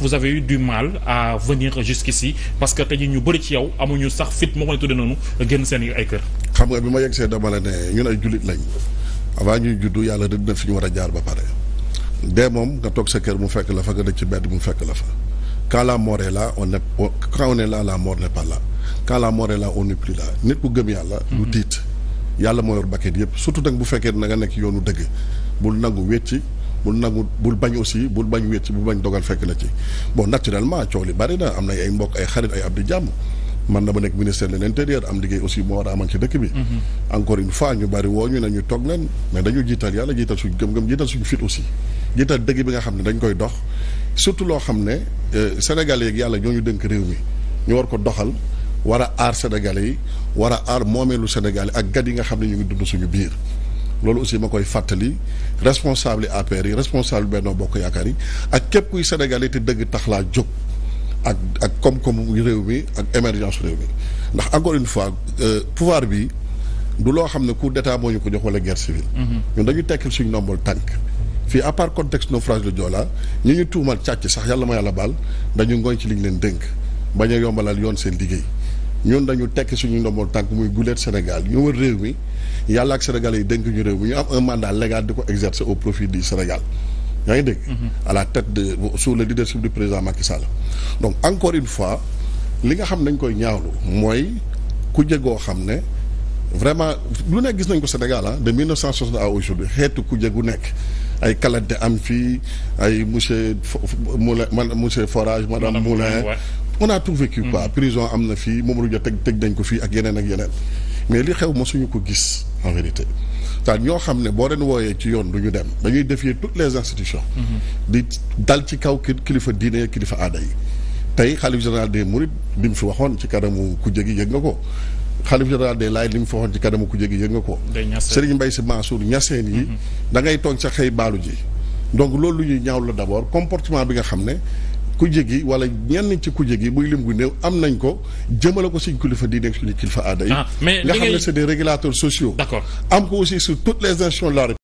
vous avez eu du mal à venir jusqu'ici parce que tey ñu bëri ci yow amuñu sax fit moo ko tudde noonu génn seen ay kër. xam nga bi ma yegg see dama la ne ñun ay jullit lañ avant ñuy juddu yàlla dëgg na fi ñu war a jaar ba pare dee moom nga toog sa kër mu fekk la fa nga dëkk ci bedd mu fekk la fa. quand la mort est là on n'est quand on est là la mort n'est pas là quand la mort est on n'est plus nit ku gëm yàlla. lu mhm. tiit yàlla moo yor bakket yëpp surtout nag bu fekkee na nga nekk yoonu dëgg bul nangu wécci bul nangu bul bañ aussi bul bañ wéet ci bul bañ dogal fekk la ci bon naturellement coow li bari na am na ay mbokk ay xarit ay abdi jàmm man na ba nekk ministère de l'intérieur am liggéey aussi moo war a amal ci dëkk bi mhm. encore une fois ñu bari woo ñu ne ñu toog leen mais dañu jiital yàlla jiital suñu gëm-gëm jiital suñu fit aussi jiital dëgg bi nga xam ne dañ koy dox surtout loo xam ne euh, sénégalais yeeg yàlla ñoo ñu dënk réew mi ñu war ko doxal war a aar sénégalais yi war aar moomeelu sénégalais gat yi nga xam ne ñu ngi dund suñu biir loolu aussi ma koy fàttali responsable yi yi responsable Benno Bokk Yaakaar yi ak képp kuy Sénégalais te dëgg tax laa jóg ak ak koom-koomu réew mi ak émergence réew mi ndax encore une fois euh, pouvoir bi du loo xam ne coup d'état moo ñu ko jox wala guerre civile. Mhm. ñun dañuy tekkil suñu ndombol tànk. fii à part contexte naufrage de Joola ñu ñu tuumal càcc sax yàlla ma yàlla baal dañu ngooñ ci liñ leen dënk bañ a yombalal yoon seen liggéey. ñun dañu tekki suñu ndombol tànk muy guleet Sénégal ñu wër réew mi yàlla ak Sénégalais yi dénk ñu réew mi ñu am un mandat légal di ko exercer au profit du Sénégal yaa ngi dégg. Mhm. à la tête de sous le leadership du président Macky Sall. donc encore une fois li nga xam nañ koy ñaawlu mooy ku jegoo xam ne vraiment lu nekk gis nañ ko Sénégal ah de 1960 à aujourd'hui xeetu ku jegu nekk. ay kalante am fii ay monsieur Moulin monsieur Forage madame Moulin on a tout vécu quoi mm-hmm. prison am na fii moom ruja teg teg dañ ko fii ak yeneen ak yeneen mais li xew mosuñu ko gis en vérité ta ñoo xam ne boo leen wooyee ci yoon du ñu dem dañuy défier toutes les institutions mm-hmm. di dal ci kaw kilifa diine kilifa aada yi tey xalif général des mourides li mu fi waxoon ci kanamu ku jégi yëg nga ko xalif général des laay li mu fi waxoon ci kanamu ku jégi yëg nga ko Serigne Mbaye Sy Mansour ñaseen yi mm-hmm. da ngay toog sa xëy baalu ji donc loolu lu ñuy ñaaw la d'abord comportement bi nga xam ne kujje gi wala ñenn ci kujje gi muy lim gu néew am nañ ko jëmale ko suñ kilifa diine ak suñu kilifa aada yi. Ah, nga xam ne c'est des régulateurs sociaux. d'accord am ko aussi sur toutes les institutions de la